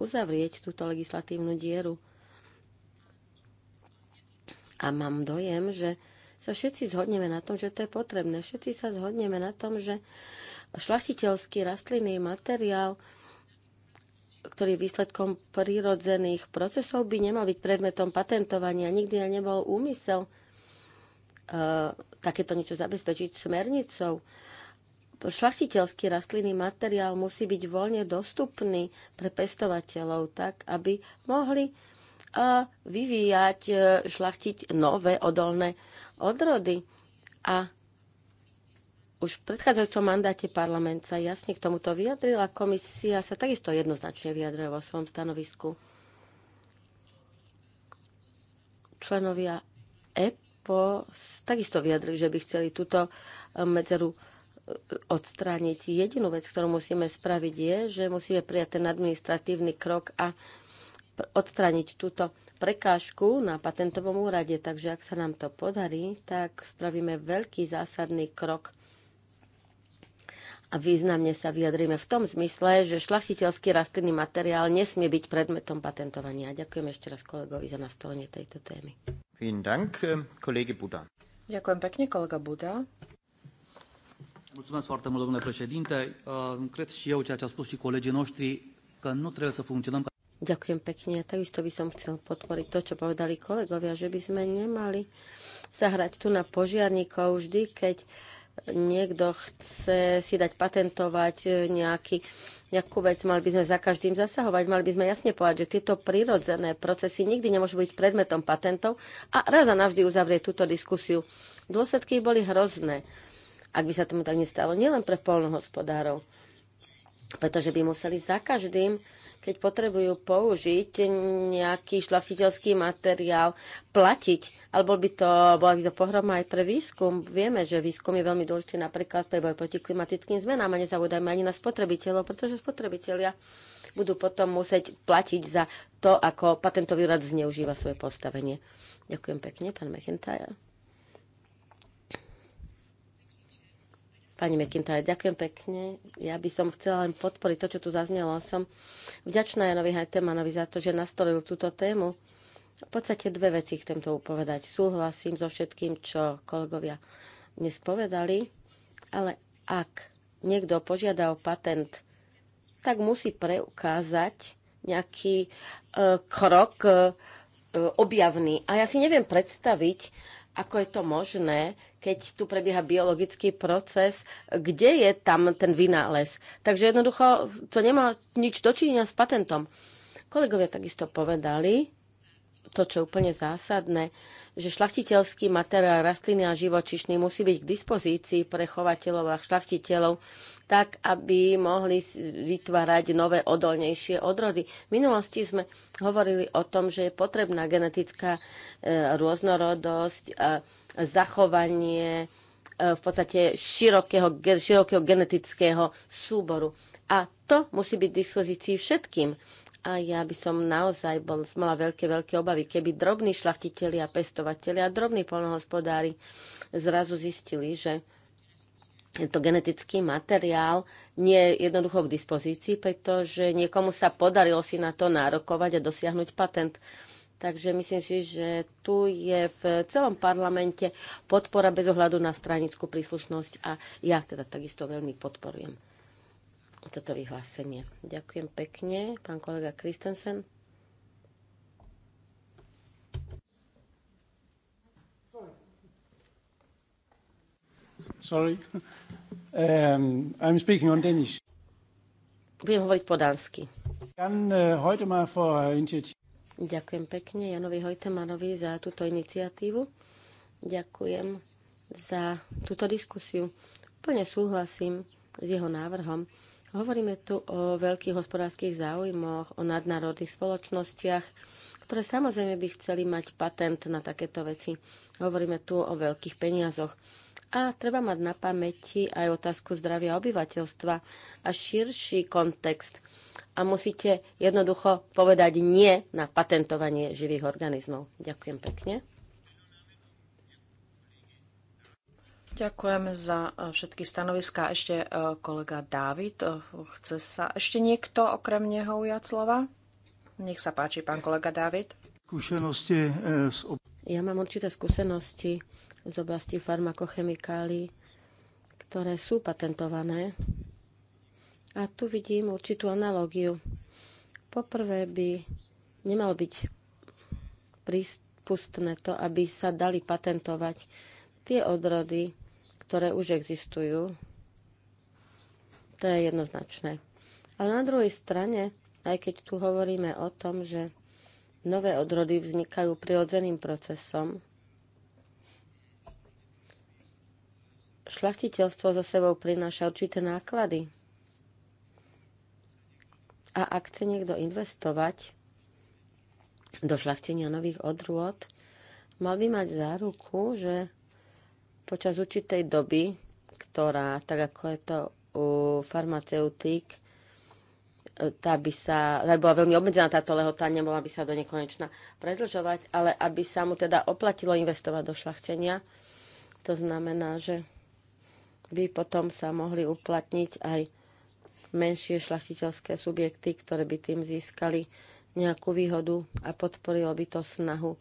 uzavrieť túto legislatívnu dieru. A mám dojem, že sa všetci zhodneme na tom, že to je potrebné. Všetci sa zhodneme na tom, že šlachtiteľský rastlinný materiál, ktorý je výsledkom prírodzených procesov, by nemal byť predmetom patentovania. Nikdy nebol úmysel uh, takéto niečo zabezpečiť smernicou. Uh, šlachtiteľský rastlinný materiál musí byť voľne dostupný pre pestovateľov, tak aby mohli vyvíjať, e, šlachtiť nové odolné odrody. A už v predchádzajúcom mandáte parlament sa jasne k tomuto vyjadrila. Komisia sa takisto jednoznačne vyjadrila vo svojom stanovisku. Členovia EPO takisto vyjadrili, že by chceli túto e, medzeru odstrániť. Jedinú vec, ktorú musíme spraviť, je, že musíme prijať ten administratívny krok a odstrániť túto prekážku na patentovom úrade. Takže ak sa nám to podarí, tak spravíme veľký zásadný krok a významne sa vyjadríme v tom zmysle, že šlachtiteľský rastlinný materiál nesmie byť predmetom patentovania. Ďakujem ešte raz kolegovi za nastolenie tejto témy. Dank, kolege Buda. Ďakujem pekne, kolega Buda. Mulțumesc foarte mult, domnule președinte. Uh, cred și eu ceea ce au spus și colegii noștri, că nu trebuie să funcționăm ca Ďakujem pekne. Takisto by som chcel podporiť to, čo povedali kolegovia, že by sme nemali sa hrať tu na požiarníkov vždy, keď niekto chce si dať patentovať eh, nejaký, nejakú vec, mali by sme za každým zasahovať, mali by sme jasne povedať, že tieto prírodzené procesy nikdy nemôžu byť predmetom patentov a raz a navždy uzavrie túto diskusiu. Dôsledky boli hrozné ak by sa tomu tak nestalo, nielen pre polnohospodárov, pretože by museli za každým, keď potrebujú použiť nejaký šlachtiteľský materiál, platiť. Alebo by to, bola by to pohroma aj pre výskum. Vieme, že výskum je veľmi dôležitý napríklad pre boj proti klimatickým zmenám a nezabúdajme ani na spotrebiteľov, pretože spotrebitelia budú potom musieť platiť za to, ako patentový rad zneužíva svoje postavenie. Ďakujem pekne, pán Mechentaja. Pani McIntyre, ďakujem pekne. Ja by som chcela len podporiť to, čo tu zaznelo. Som vďačná Janovi Hajtemanovi za to, že nastolil túto tému. V podstate dve veci chcem to povedať. Súhlasím so všetkým, čo kolegovia dnes povedali, ale ak niekto požiada o patent, tak musí preukázať nejaký e, krok e, e objavný. A ja si neviem predstaviť, ako je to možné, keď tu prebieha biologický proces, kde je tam ten vynález. Takže jednoducho to nemá nič dočinenia s patentom. Kolegovia takisto povedali, to, čo je úplne zásadné, že šlachtiteľský materiál rastliny a živočišný musí byť k dispozícii pre chovateľov a šlachtiteľov, tak aby mohli vytvárať nové odolnejšie odrody. V minulosti sme hovorili o tom, že je potrebná genetická e, rôznorodosť, e, zachovanie e, v podstate širokého, širokého genetického súboru. A to musí byť v dispozícii všetkým. A ja by som naozaj bol, mala veľké, veľké obavy, keby drobní šlachtiteľi a pestovateľi a drobní polnohospodári zrazu zistili, že tento genetický materiál nie je jednoducho k dispozícii, pretože niekomu sa podarilo si na to nárokovať a dosiahnuť patent. Uh, Takže myslím si, že tu je v celom parlamente podpora bez ohľadu na stranickú príslušnosť a ja teda takisto veľmi podporujem toto vyhlásenie. Ďakujem pekne, pán kolega Kristensen. Sorry. Um, I'm speaking on Danish. Budem hovoriť po dánsky. uh, heute mal vor Ďakujem pekne Janovi Hojtemanovi za túto iniciatívu. Ďakujem za túto diskusiu. Plne súhlasím s jeho návrhom. Hovoríme tu o veľkých hospodárskych záujmoch, o nadnárodných spoločnostiach, ktoré samozrejme by chceli mať patent na takéto veci. Hovoríme tu o veľkých peniazoch. A treba mať na pamäti aj otázku zdravia obyvateľstva a širší kontext a musíte jednoducho povedať nie na patentovanie živých organizmov. Ďakujem pekne. Ďakujem za e, všetky stanoviská. Ešte e, kolega Dávid, e, chce sa ešte niekto okrem neho ujať slova? Nech sa páči, pán kolega Dávid. Skúsenosti z... Ja mám určité skúsenosti z oblasti farmakochemikálií, ktoré sú patentované a tu vidím určitú analogiu. Poprvé by nemal byť prípustné to, aby sa dali patentovať tie odrody, ktoré už existujú. To je jednoznačné. Ale na druhej strane, aj keď tu hovoríme o tom, že nové odrody vznikajú prirodzeným procesom, šlachtiteľstvo zo sebou prináša určité náklady. A ak chce niekto investovať do šlachtenia nových odrôd, mal by mať záruku, že počas určitej doby, ktorá, tak ako je to u farmaceutík, tá by sa, tá by bola veľmi obmedzená táto lehota, nemohla by sa do nekonečna predlžovať, ale aby sa mu teda oplatilo investovať do šlachtenia, to znamená, že by potom sa mohli uplatniť aj menšie šlachtiteľské subjekty, ktoré by tým získali nejakú výhodu a podporilo by to snahu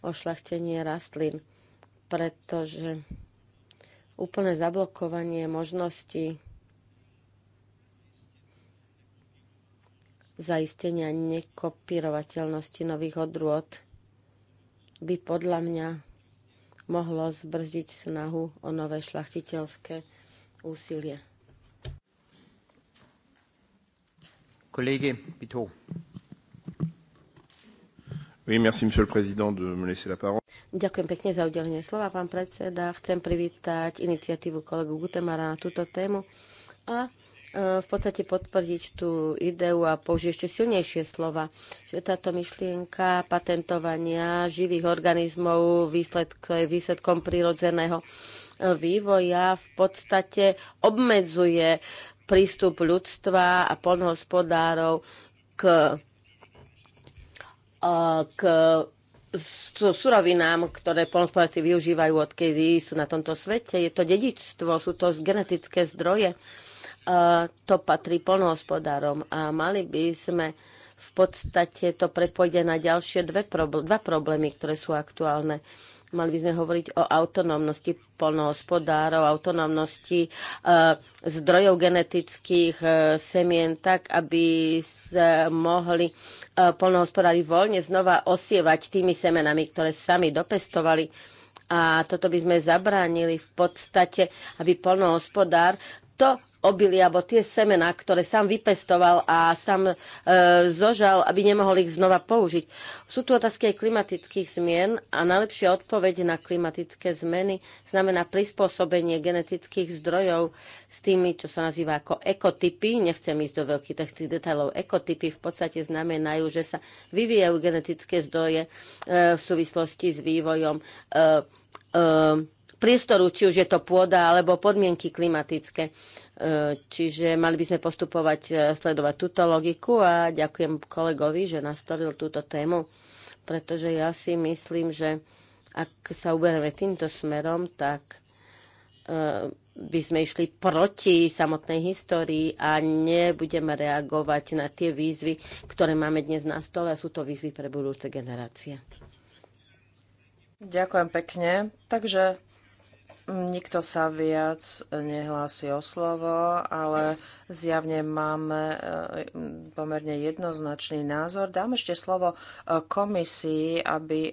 o šlachtenie rastlín, pretože úplné zablokovanie možností zaistenia nekopírovateľnosti nových odrôd by podľa mňa mohlo zbrzdiť snahu o nové šlachtiteľské úsilie. Oui, merci, monsieur le président, de me laisser la parole. Ďakujem pekne za udelenie slova, pán predseda. Chcem privítať iniciatívu kolegu Gutemara na túto tému a e, v podstate podporiť tú ideu a použiť ešte silnejšie slova, že táto myšlienka patentovania živých organizmov výsledk, výsledkom prírodzeného e, vývoja v podstate obmedzuje prístup ľudstva a polnohospodárov k, e, k surovinám, ktoré polnospodárci využívajú, odkedy sú na tomto svete. Je to dedičstvo, sú to genetické zdroje. E, to patrí polnohospodárom a mali by sme v podstate to prepojde na ďalšie dve problémy, dva problémy, ktoré sú aktuálne. Mali by sme hovoriť o autonómnosti polnohospodárov, autonómnosti e, zdrojov genetických e, semien, tak aby sa mohli e, polnohospodári voľne znova osievať tými semenami, ktoré sami dopestovali. A toto by sme zabránili v podstate, aby polnohospodár to obilie, alebo tie semená, ktoré sám vypestoval a sám e, zožal, aby nemohol ich znova použiť. Sú tu otázky aj klimatických zmien a najlepšia odpoveď na klimatické zmeny znamená prispôsobenie genetických zdrojov s tými, čo sa nazýva ako ekotypy. Nechcem ísť do veľkých technických detailov. Ekotypy v podstate znamenajú, že sa vyvíjajú genetické zdroje e, v súvislosti s vývojom e, e, priestoru, či už je to pôda alebo podmienky klimatické. E, čiže mali by sme postupovať, e, sledovať túto logiku a ďakujem kolegovi, že nastoril túto tému, pretože ja si myslím, že ak sa uberieme týmto smerom, tak e, by sme išli proti samotnej histórii a nebudeme reagovať na tie výzvy, ktoré máme dnes na stole a sú to výzvy pre budúce generácie. Ďakujem pekne. Takže Nikto sa viac nehlási o slovo, ale zjavne máme e, pomerne jednoznačný názor. Dám ešte slovo e, komisii, aby e,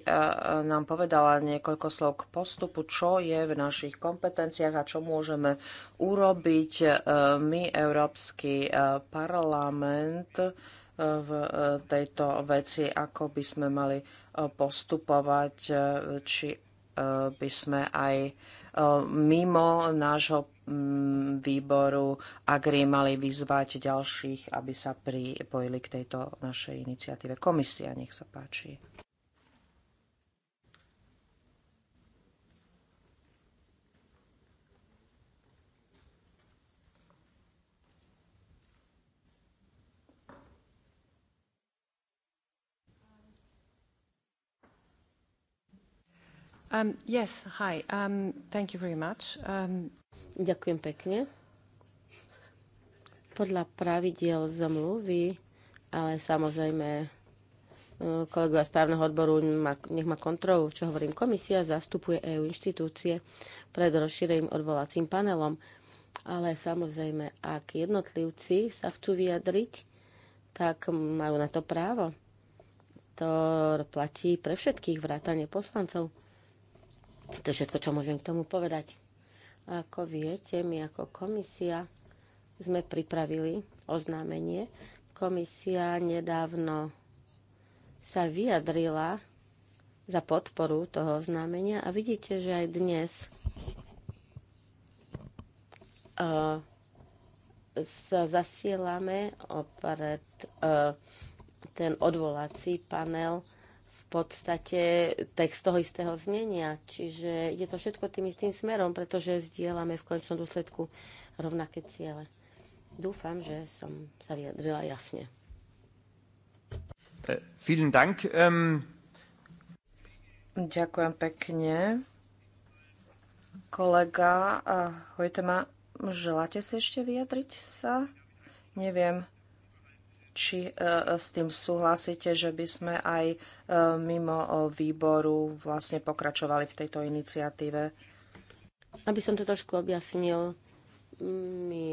nám povedala niekoľko slov k postupu, čo je v našich kompetenciách a čo môžeme urobiť my, Európsky parlament, v tejto veci, ako by sme mali postupovať, či by sme aj E, mimo nášho mm, výboru Agri mali vyzvať ďalších, aby sa pripojili k tejto našej iniciatíve. Komisia, nech sa páči. Um, yes, hi. Um, thank you very much. Um... Ďakujem pekne. Podľa pravidiel zmluvy, ale samozrejme uh, kolegovia správneho odboru, nech ma kontrolu, čo hovorím. Komisia zastupuje EU inštitúcie pred rozšíreným odvolacím panelom, ale samozrejme, ak jednotlivci sa chcú vyjadriť, tak majú na to právo. To platí pre všetkých vrátane poslancov. To je všetko, čo môžem k tomu povedať. A ako viete, my ako komisia sme pripravili oznámenie. Komisia nedávno sa vyjadrila za podporu toho oznámenia a vidíte, že aj dnes uh, zasielame opred uh, ten odvolací panel podstate text toho istého znenia. Čiže je to všetko tým istým smerom, pretože zdieľame v konečnom dôsledku rovnaké ciele. Dúfam, že som sa vyjadrila jasne. Eh, vielen Dank. Ähm, Ďakujem pekne. Kolega eh, ma, želáte si ešte vyjadriť sa? Neviem či e, s tým súhlasíte, že by sme aj e, mimo e, výboru vlastne pokračovali v tejto iniciatíve. Aby som to trošku objasnil, my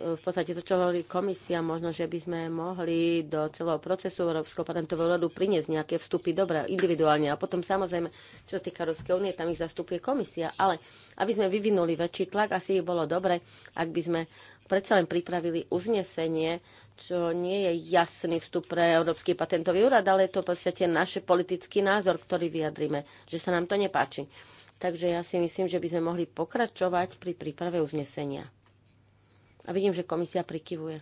v podstate to, čo hovorí komisia, možno, že by sme mohli do celého procesu Európskeho patentového úradu priniesť nejaké vstupy dobré, individuálne. A potom samozrejme, čo sa týka Európskej únie, tam ich zastupuje komisia. Ale aby sme vyvinuli väčší tlak, asi by bolo dobre, ak by sme predsa len pripravili uznesenie, čo nie je jasný vstup pre Európsky patentový úrad, ale je to v podstate náš politický názor, ktorý vyjadrime, že sa nám to nepáči. Takže ja si myslím, že by sme mohli pokračovať pri príprave uznesenia. A vidím, že komisia prikyvuje.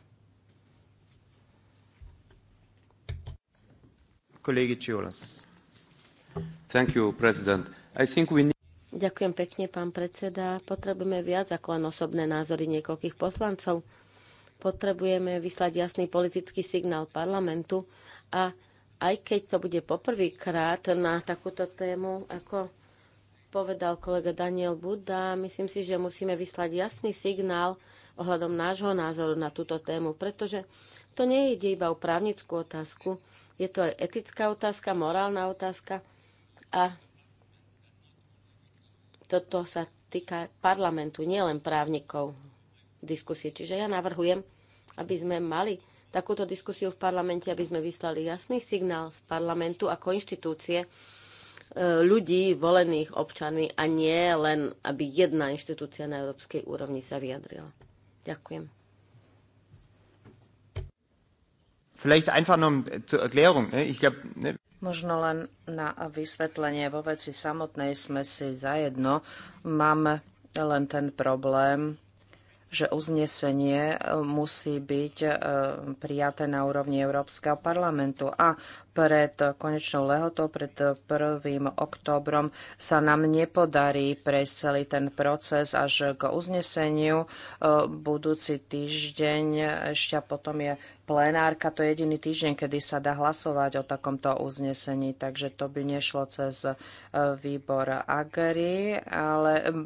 Kolegi Čiolas. Thank you, President. I think we need... Ďakujem pekne, pán predseda. Potrebujeme viac ako len osobné názory niekoľkých poslancov. Potrebujeme vyslať jasný politický signál parlamentu a aj keď to bude poprvýkrát na takúto tému, ako povedal kolega Daniel Buda, myslím si, že musíme vyslať jasný signál ohľadom nášho názoru na túto tému, pretože to nie je iba o právnickú otázku, je to aj etická otázka, morálna otázka a toto sa týka parlamentu, nielen právnikov diskusie. Čiže ja navrhujem, aby sme mali takúto diskusiu v parlamente, aby sme vyslali jasný signál z parlamentu ako inštitúcie e, ľudí volených občanmi a nie len, aby jedna inštitúcia na európskej úrovni sa vyjadrila. Ďakujem. Vielleicht einfach nur zur Erklärung. Ich glaube, ne? Možno len na vysvetlenie vo veci samotnej sme si zajedno. Máme len ten problém, že uznesenie musí byť eh, prijaté na úrovni Európskeho parlamentu a pred konečnou lehotou, pred 1. októbrom sa nám nepodarí prejsť celý ten proces až k uzneseniu. E, budúci týždeň ešte potom je plenárka, to je jediný týždeň, kedy sa dá hlasovať o takomto uznesení, takže to by nešlo cez e, výbor Agri, ale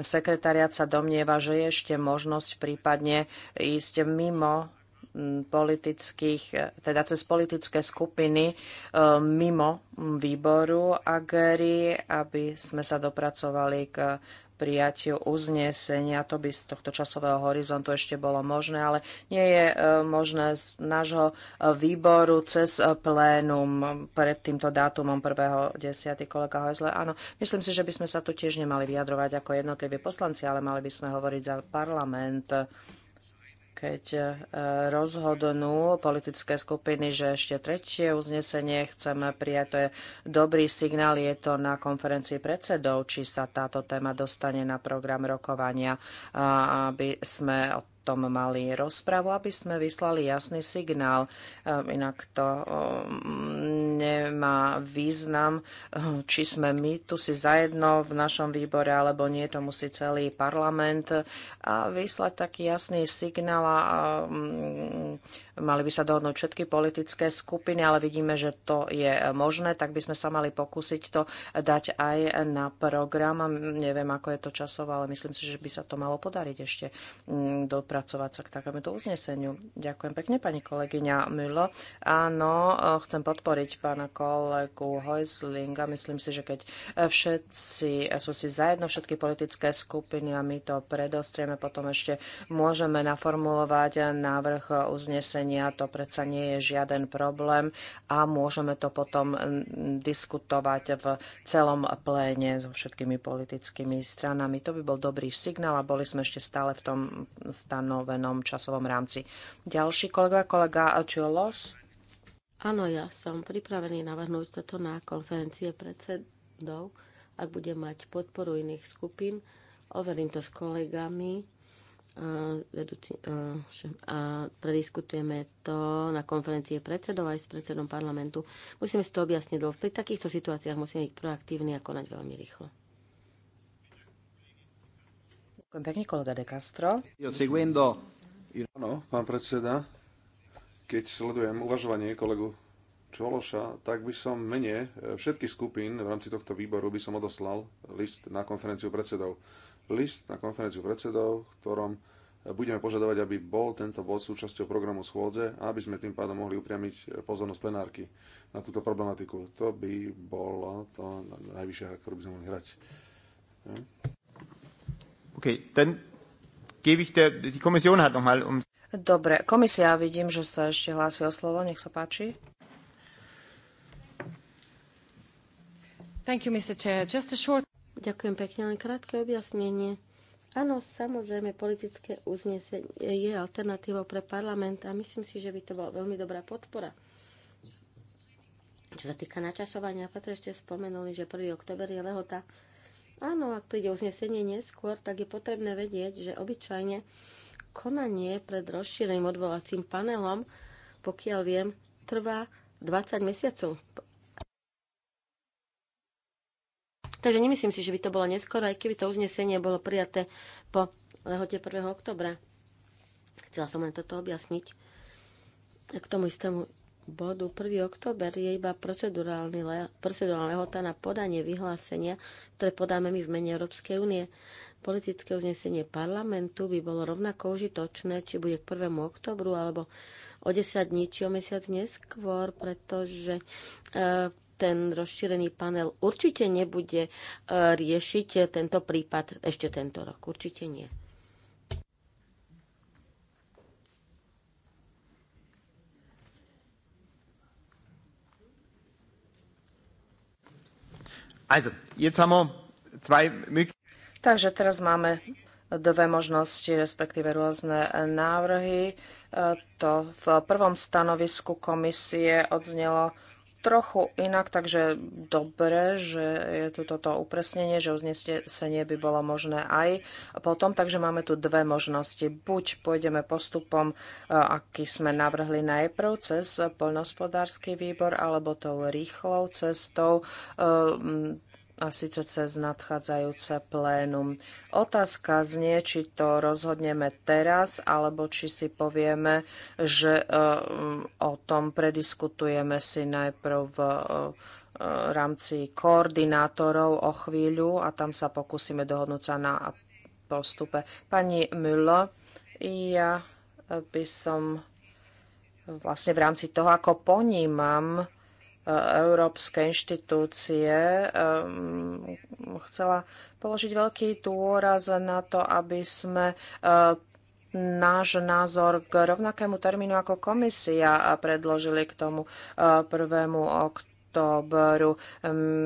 sekretariat sa domnieva, že je ešte možnosť prípadne ísť mimo politických, e, teda cez politické skupiny e, mimo výboru Agery, aby sme sa dopracovali k prijatiu uznesenia. To by z tohto časového horizontu ešte bolo možné, ale nie je e, možné z nášho výboru cez plénum pred týmto dátumom 1.10. kolega Hojzle. Áno, myslím si, že by sme sa tu tiež nemali vyjadrovať ako jednotliví poslanci, ale mali by sme hovoriť za parlament keď e, rozhodnú politické skupiny, že ešte tretie uznesenie chceme prijať. To je dobrý signál, je to na konferencii predsedov, či sa táto téma dostane na program rokovania, aby sme od tom mali rozpravu, aby sme vyslali jasný signál. E, inak to e, nemá význam, e, či sme my tu si zajedno v našom výbore, alebo nie, to musí celý parlament. A vyslať taký jasný signál a mm, mali by sa dohodnúť všetky politické skupiny, ale vidíme, že to je možné, tak by sme sa mali pokúsiť to dať aj na program. Neviem, ako je to časovo, ale myslím si, že by sa to malo podariť ešte mm, do dopracovať sa k takémuto uzneseniu. Ďakujem pekne, pani kolegyňa Mülo. Áno, chcem podporiť pána kolegu Hojslinga. Myslím si, že keď všetci sú si zajedno, všetky politické skupiny a my to predostrieme, potom ešte môžeme naformulovať návrh uznesenia. To predsa nie je žiaden problém a môžeme to potom diskutovať v celom pléne so všetkými politickými stranami. To by bol dobrý signál a boli sme ešte stále v tom stane stanovenom časovom rámci. Ďalší kolega, kolega Čiolos. Áno, ja som pripravený navrhnúť toto na konferencie predsedov, ak bude mať podporu iných skupín. Overím to s kolegami vedúci, a prediskutujeme to na konferencie predsedov aj s predsedom parlamentu. Musíme si to objasniť, lebo pri takýchto situáciách musíme byť proaktívni a konať veľmi rýchlo. Ďakujem pekne, kolega De Castro. pán predseda, keď sledujem uvažovanie kolegu Čološa, tak by som mene e, všetkých skupín v rámci tohto výboru by som odoslal list na konferenciu predsedov. List na konferenciu predsedov, v ktorom e, budeme požadovať, aby bol tento bod súčasťou programu schôdze a aby sme tým pádom mohli upriamiť e, pozornosť plenárky na túto problematiku. To by bolo to najvyššie, ktorú by sme mohli hrať. Ja. Hm? Okay, then gebe ich der, die Kommission hat nochmal um... Dobre, komisia vidím, že sa ešte hlási o slovo, nech sa páči. Thank you, Mr. Chair. Just a short... Ďakujem pekne, len krátke objasnenie. Áno, samozrejme, politické uznesenie je alternatívou pre parlament a myslím si, že by to bola veľmi dobrá podpora. Čo sa týka načasovania, preto ešte spomenuli, že 1. oktober je lehota Áno, ak príde uznesenie neskôr, tak je potrebné vedieť, že obyčajne konanie pred rozšíreným odvolacím panelom, pokiaľ viem, trvá 20 mesiacov. Takže nemyslím si, že by to bolo neskoro, aj keby to uznesenie bolo prijaté po lehote 1. oktobra. Chcela som len toto objasniť k tomu istému bodu 1. október je iba procedurálna lehota na podanie vyhlásenia, ktoré podáme my v mene Európskej únie. Politické uznesenie parlamentu by bolo rovnako užitočné, či bude k 1. oktobru alebo o 10 dní či o mesiac neskôr, pretože e, ten rozšírený panel určite nebude e, riešiť tento prípad ešte tento rok. Určite nie. Takže teraz máme dve možnosti, respektíve rôzne návrhy. E, to v prvom stanovisku komisie odznelo trochu inak, takže dobre, že je tu toto upresnenie, že uznesenie by bolo možné aj potom. Takže máme tu dve možnosti. Buď pôjdeme postupom, e, aký sme navrhli najprv cez poľnohospodársky výbor, alebo tou rýchlou cestou e, a síce cez nadchádzajúce plénum. Otázka znie, či to rozhodneme teraz, alebo či si povieme, že e, o tom prediskutujeme si najprv v e, e, rámci koordinátorov o chvíľu a tam sa pokúsime dohodnúť sa na postupe. Pani Müller, ja by som vlastne v rámci toho, ako ponímam európske inštitúcie. Ehm, chcela položiť veľký dôraz na to, aby sme ehm, náš názor k rovnakému termínu ako komisia predložili k tomu 1. Ehm, oktobru októbru.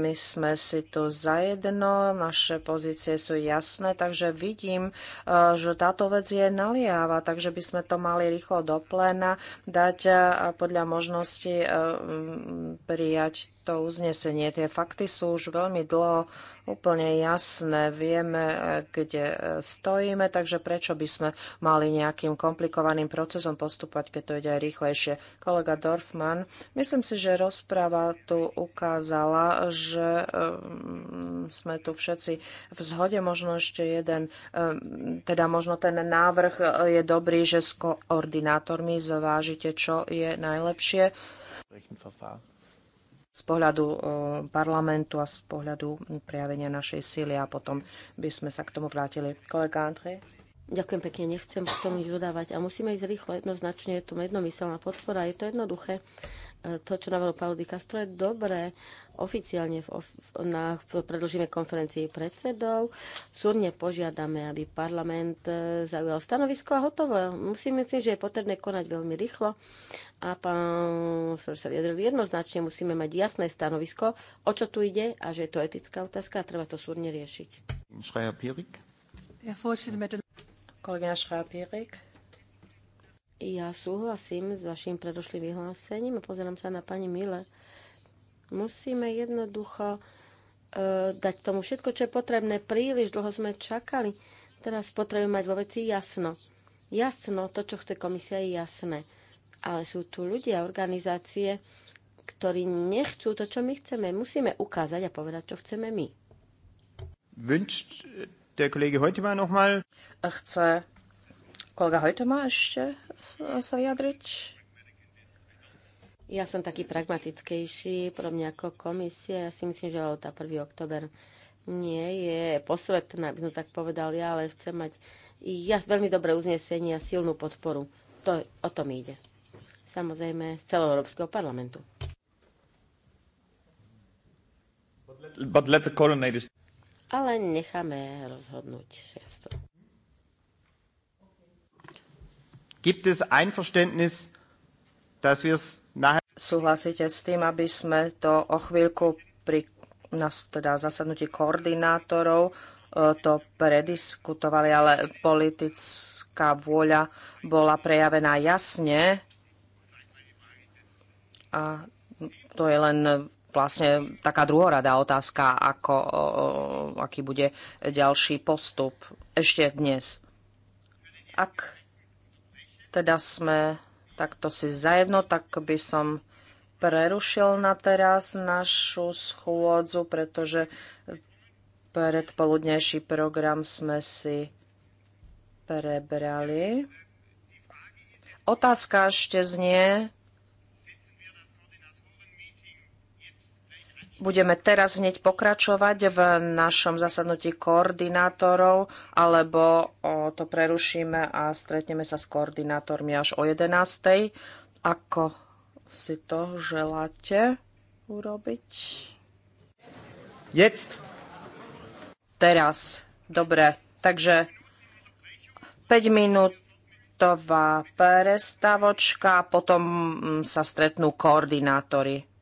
My sme si tu zajedno, naše pozície sú jasné, takže vidím, eh, že táto vec je naliava, takže by sme to mali rýchlo do pléna dať eh, a podľa možnosti eh, prijať to uznesenie. Tie fakty sú už veľmi dlho úplne jasné, vieme, kde stojíme, takže prečo by sme mali nejakým komplikovaným procesom postupať, keď to ide aj rýchlejšie. Kolega Dorfman, myslím si, že rozpráva tu návštevu ukázala, že ehm, sme tu všetci v zhode. Možno ešte jeden, ehm, teda možno ten návrh eh, je dobrý, že s koordinátormi zvážite, čo je najlepšie z pohľadu eh, parlamentu a z pohľadu prejavenia našej síly a potom by sme sa k tomu vrátili. Kolega Andrej? Ďakujem pekne, nechcem k tomu nič dodávať. A musíme ísť rýchlo, jednoznačne je tu jednomyselná podpora, je to jednoduché. E, to, čo navrhol Pauli Castro, je dobré. Oficiálne v, na, predložíme konferencii predsedov, súdne požiadame, aby parlament e, zaujal stanovisko a hotovo. Musím myslím, že je potrebné konať veľmi rýchlo a pán sa vyjadril jednoznačne, musíme mať jasné stanovisko, o čo tu ide a že je to etická otázka a treba to súdne riešiť. Schreier-Pierik. Ja, Kolegyňa Schreier-Pierik. Ja súhlasím s vašim predošlým vyhlásením a pozerám sa na pani Mile. Musíme jednoducho e, dať tomu všetko, čo je potrebné. Príliš dlho sme čakali. Teraz potrebujeme mať vo veci jasno. Jasno, to, čo chce komisia, je jasné. Ale sú tu ľudia, organizácie, ktorí nechcú to, čo my chceme. Musíme ukázať a povedať, čo chceme my. Wünscht der Kollege Heutemann nochmal? Chce Kolega Hojto má ešte sa vyjadriť? Ja som taký pragmatickejší, podobne ako komisie. Ja si myslím, že tá 1. oktober nie je posvetná, by som tak povedal. Ja ale chcem mať ja, veľmi dobré uznesenie a silnú podporu. To, o tom ide. Samozrejme z celého Európskeho parlamentu. But let, but let ale necháme rozhodnúť šéfstvo. Gibt es Einverständnis, dass wir es nachher... Súhlasíte s tým, aby sme to o chvíľku pri nás teda zasadnutí koordinátorov e, to prediskutovali, ale politická vôľa bola prejavená jasne a to je len vlastne taká druhoradá otázka, ako, aký bude ďalší postup ešte dnes. Ak teda sme takto si zajedno, tak by som prerušil na teraz našu schôdzu, pretože predpoludnejší program sme si prebrali. Otázka ešte znie, Budeme teraz hneď pokračovať v našom zasadnutí koordinátorov, alebo to prerušíme a stretneme sa s koordinátormi až o 11. Ako si to želáte urobiť? Jetzt. Teraz. Dobre, takže 5 minút prestavočka, potom mm, sa stretnú koordinátory.